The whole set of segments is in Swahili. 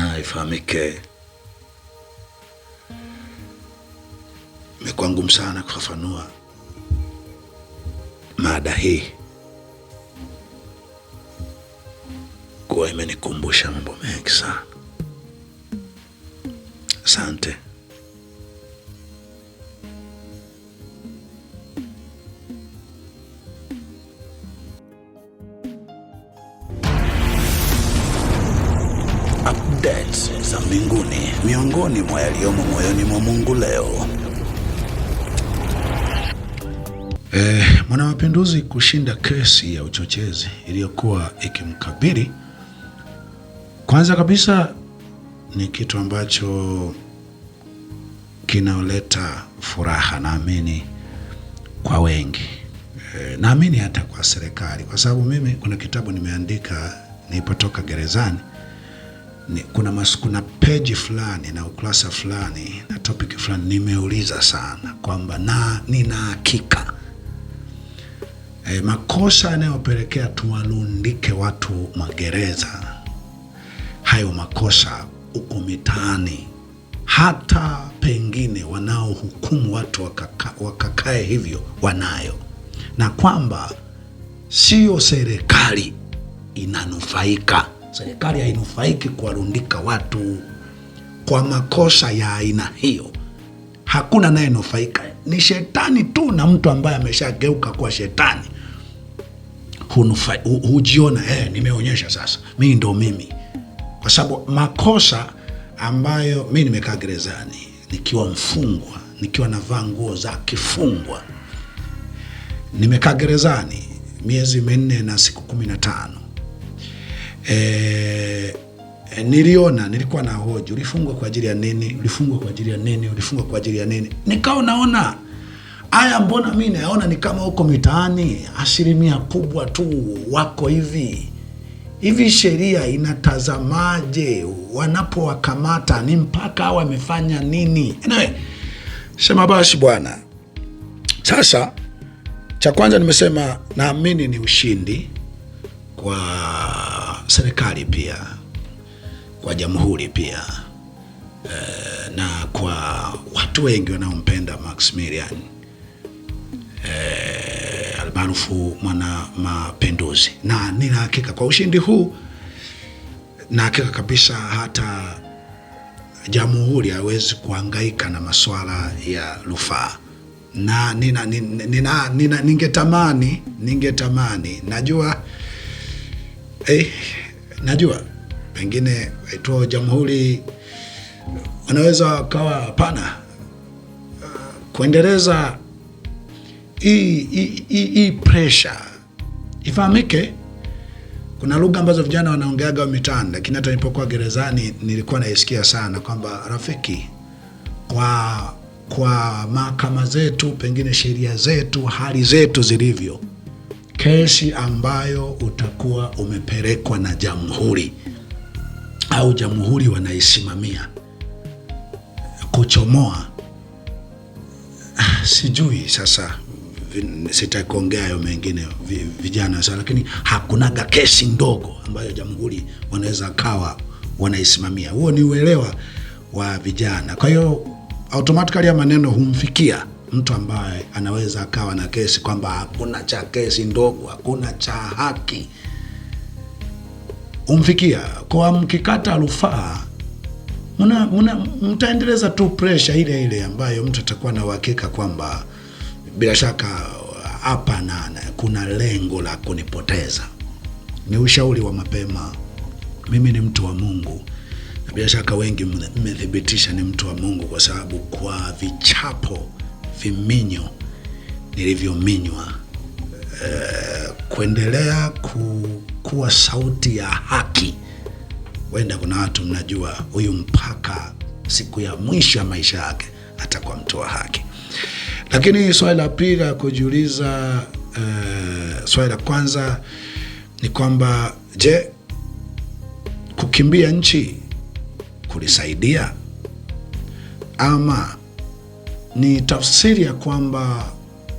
majina haifahamike. Imekuwa ngumu sana kufafanua mada hii kuwa imenikumbusha mambo mengi sana. Asante. updates za mbinguni miongoni mwa yaliyomo moyoni mwa Mungu leo. Eh, mwanamapinduzi kushinda kesi ya uchochezi iliyokuwa ikimkabili. Kwanza kabisa ni kitu ambacho kinaoleta furaha naamini kwa wengi e, naamini hata kwa serikali, kwa sababu mimi kuna kitabu nimeandika nilipotoka gerezani ni, kuna, mas, kuna peji fulani na ukurasa fulani na topic fulani nimeuliza sana kwamba na nina hakika e, makosa yanayopelekea tuwalundike watu magereza, hayo makosa huko mitaani, hata pengine wanaohukumu watu wakaka, wakakae hivyo wanayo, na kwamba siyo serikali inanufaika serikali hainufaiki kuwarundika watu kwa makosa ya aina hiyo. Hakuna anayenufaika, ni shetani tu, na mtu ambaye ameshageuka kuwa shetani hujiona eh, nimeonyesha sasa, mi ndo mimi, kwa sababu makosa ambayo mi nimekaa gerezani nikiwa mfungwa, nikiwa navaa nguo za kifungwa, nimekaa gerezani miezi minne na siku kumi na tano e, e, niliona nilikuwa na hoji, ulifungwa kwa ajili ya nini? Ulifungwa kwa ajili ya nini? Ulifungwa kwa ajili ya nini? Nikao naona haya, mbona mimi naona ni kama huko mitaani asilimia kubwa tu wako hivi hivi. Sheria inatazamaje wanapowakamata? Ni mpaka wamefanya nini? Anyway, sema basi bwana. Sasa cha kwanza nimesema naamini ni ushindi kwa serikali pia, kwa jamhuri pia e, na kwa watu wengi wanaompenda Maximilian e, eh, almaarufu mwana mapinduzi, na nina hakika kwa ushindi huu na hakika kabisa hata jamhuri hawezi kuhangaika na masuala ya rufaa na nina, nina, nina, nina, ningetamani ningetamani najua hey, eh, najua pengine waitwa jamhuri wanaweza wakawa hapana, uh, kuendeleza hii pressure ifahamike. Kuna lugha ambazo vijana wanaongeaga mitaani, lakini hata nilipokuwa gerezani nilikuwa naisikia sana kwamba rafiki, kwa kwa mahakama zetu, pengine sheria zetu, hali zetu zilivyo kesi ambayo utakuwa umepelekwa na jamhuri au jamhuri wanaisimamia kuchomoa, ah, sijui sasa, sitakuongea hayo mengine vijana sana, lakini hakunaga kesi ndogo ambayo jamhuri wanaweza kawa wanaisimamia. Huo ni uelewa wa vijana, kwa hiyo automatically ya maneno humfikia mtu ambaye anaweza akawa na kesi kwamba hakuna cha kesi ndogo, hakuna cha haki umfikia. Kwa mkikata rufaa, mtaendeleza tu presha ile ile ambayo mtu atakuwa na uhakika kwamba bila shaka hapa na kuna lengo la kunipoteza. Ni ushauri wa mapema. Mimi ni mtu wa Mungu na bila shaka wengi mmethibitisha ni mtu wa Mungu, kwa sababu kwa vichapo viminyo nilivyominywa, e, kuendelea ku, kuwa sauti ya haki. Wenda kuna watu mnajua huyu mpaka siku ya mwisho ya maisha yake atakuwa mtu wa haki. Lakini swali la pili la kujiuliza, e, swali la kwanza ni kwamba je, kukimbia nchi kulisaidia ama ni tafsiri ya kwamba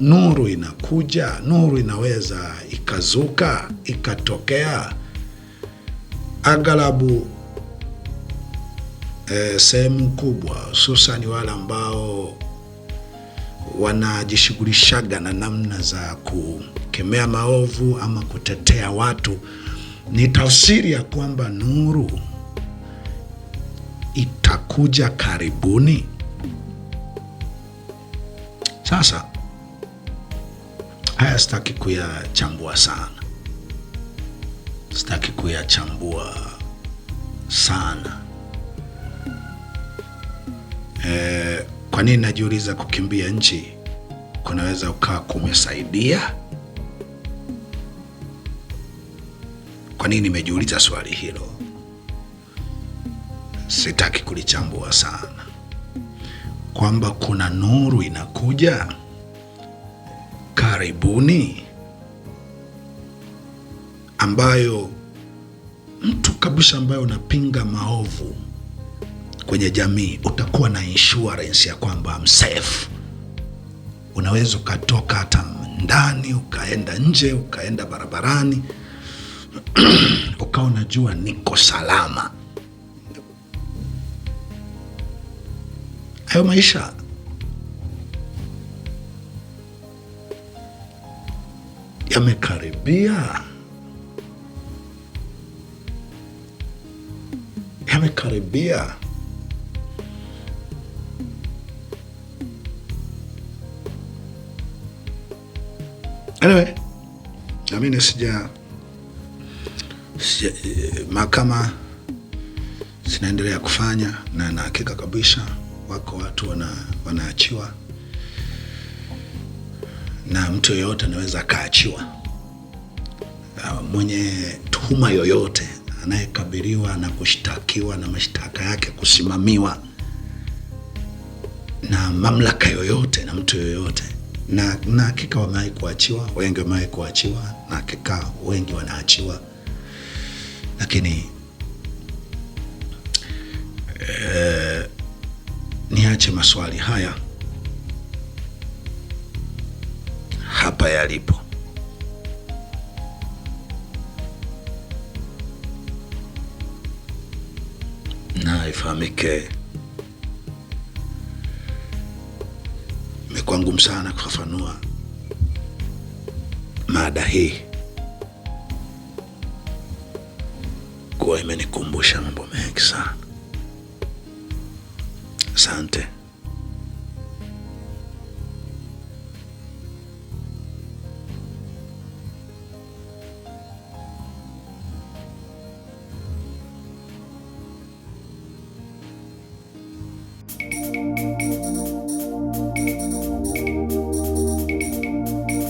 nuru inakuja, nuru inaweza ikazuka ikatokea. Aghalabu e, eh, sehemu kubwa hususani wale ambao wanajishughulishaga na namna za kukemea maovu ama kutetea watu, ni tafsiri ya kwamba nuru itakuja karibuni. Sasa haya sitaki kuyachambua sana, sitaki kuyachambua sana. E, kwa nini najiuliza? Kukimbia nchi kunaweza ukaa kumesaidia. Kwa nini nimejiuliza swali hilo? Sitaki kulichambua sana kwamba kuna nuru inakuja karibuni, ambayo mtu kabisa ambaye unapinga maovu kwenye jamii utakuwa na insurance ya kwamba I'm safe. Unaweza ukatoka hata ndani ukaenda nje ukaenda barabarani ukawa unajua niko salama. hayo maisha. Yamekaribia, yamekaribia. Anyway, namini sija, sija eh, mahakama zinaendelea kufanya na nahakika kabisa wako watu wana, wanaachiwa na mtu yoyote anaweza akaachiwa. Mwenye tuhuma yoyote anayekabiliwa na kushtakiwa na mashtaka yake kusimamiwa na mamlaka yoyote na mtu yoyote, na na hakika wamewahi kuachiwa, wengi wamewahi kuachiwa, na hakika wengi wanaachiwa, lakini eh, niache maswali haya hapa yalipo. Na ifahamike imekuwa ngumu sana kufafanua mada hii, kuwa imenikumbusha mambo mengi sana. Asante.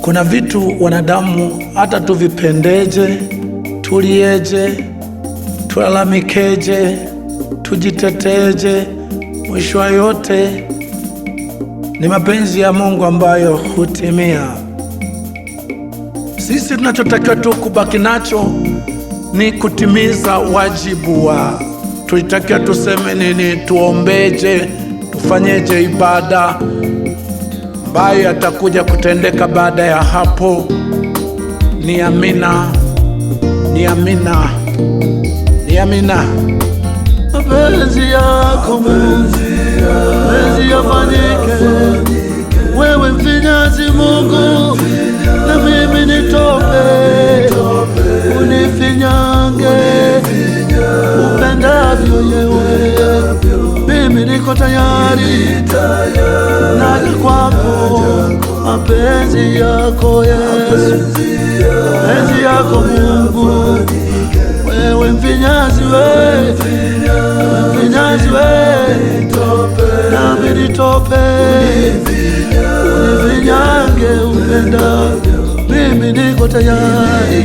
Kuna vitu wanadamu hata tuvipendeje, tulieje, tulalamikeje, tujiteteeje Mwisho wa yote ni mapenzi ya Mungu ambayo hutimia. Sisi tunachotakiwa tu kubaki nacho ni kutimiza wajibu wa tulitakiwa tuseme nini, tuombeje, tufanyeje ibada ambayo yatakuja kutendeka baada ya hapo. Ni amina, ni amina, ni amina mapenzi yako mapenzi yafanyike. Wewe mfinyazi Mungu, na mimi nitope, unifinyange upendavyo yewe, mimi niko tayari naja kwako, mapenzi yako Yesu, mapenzi yako Mungu, wewe mfinyazi we nami nitope, univinyange upendavyo. Mimi niko tayari,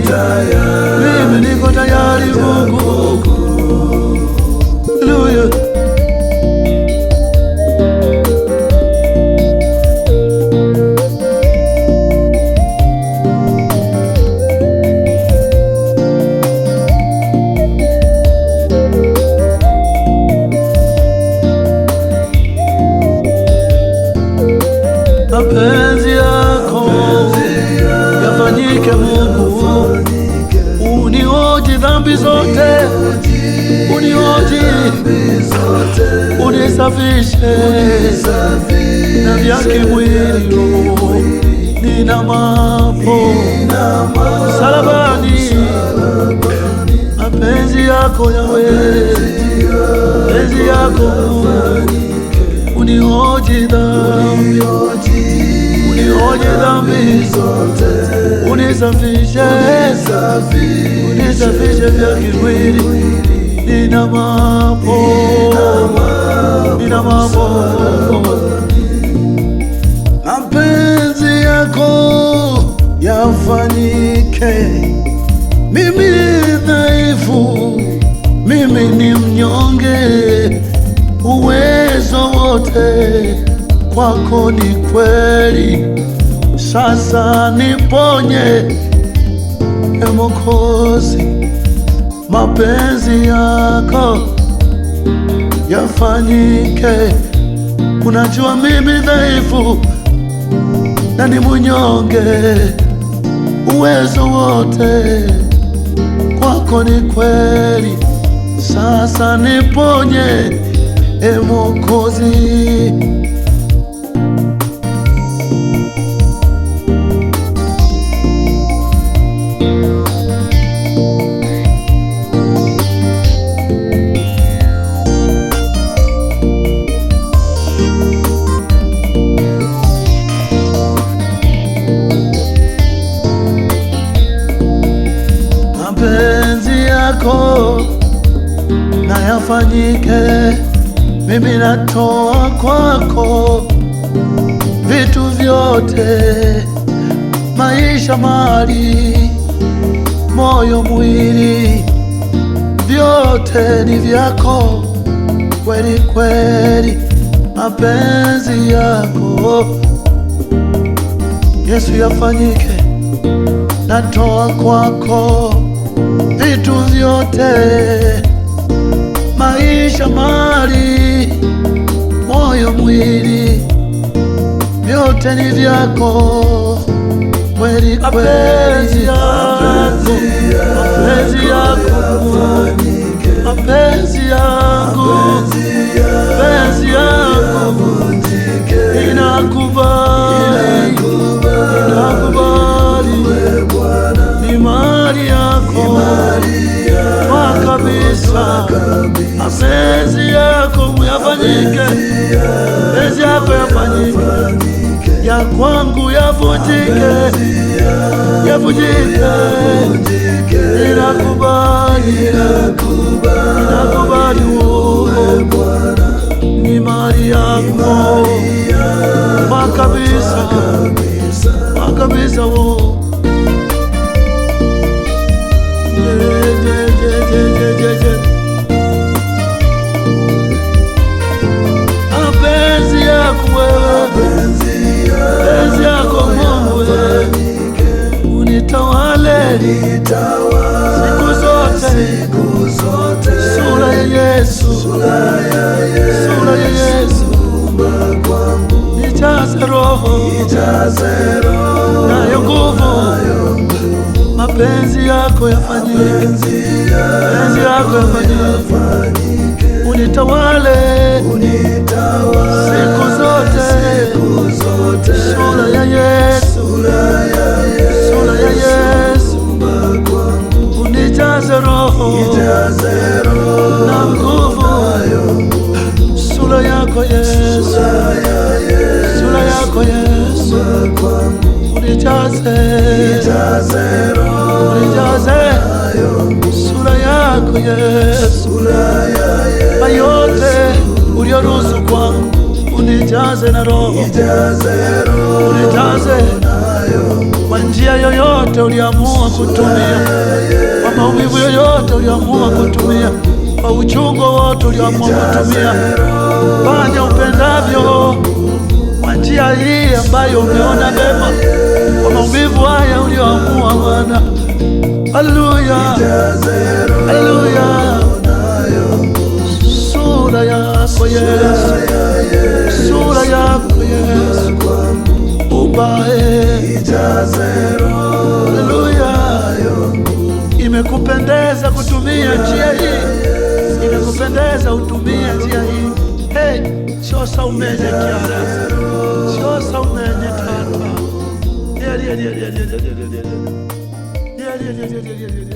mimi niko tayari Mungu unisafishe na vyake mwili nina mambo msalabani, mapenzi yako yawe mapenzi yako unihoji dhambi unihoji dhambi unisafishe unisafishe vya kimwili nina mambo, nina mambo mapenzi yako yafanyike, mimi dhaifu, mimi ni mnyonge, uwezo wote kwako ni kweli sasa mapenzi yako yafanyike. Unajua mimi dhaifu na ni munyonge, uwezo wote kwako ni kweli. Sasa niponye, e Mwokozi. lifanyike, mimi natoa kwako vitu vyote, maisha, mali, moyo, mwili, vyote ni vyako kweli kweli, mapenzi yako Yesu yafanyike, natoa kwako vitu vyote maisha, mali, moyo, mwili, vyote ni vyako kweli kweli, mapenzi yako, mapenzi yako kwangu yavunjike, yavunjike nitawala siku zote, siku zote, sura ya Yesu, sura ya Yesu, sura ya Yesu kwangu, nijaze roho, nijaze roho nayo nguvu mapenzi yako yafanyike, mapenzi yako yafanyike, unitawale, unitawale siku zote, siku zote, sura ya Yesu, sura ya nijaze na roho, unijaze kwa njia yoyote uliamua kutumia, kwa maumivu yoyote uliamua kutumia, kwa uchungu wote uliamua kutumia. Fanya upendavyo kwa njia hii ambayo umeona mema, kwa maumivu haya uliamua Bwana. Haleluya, haleluya, sura yako Yesu sura yako Yesu ubae, ijaze Imekupendeza kutumia njia hii, imekupendeza utumia njia hii. Hey, shosa umenye kiara, shosa umenye tata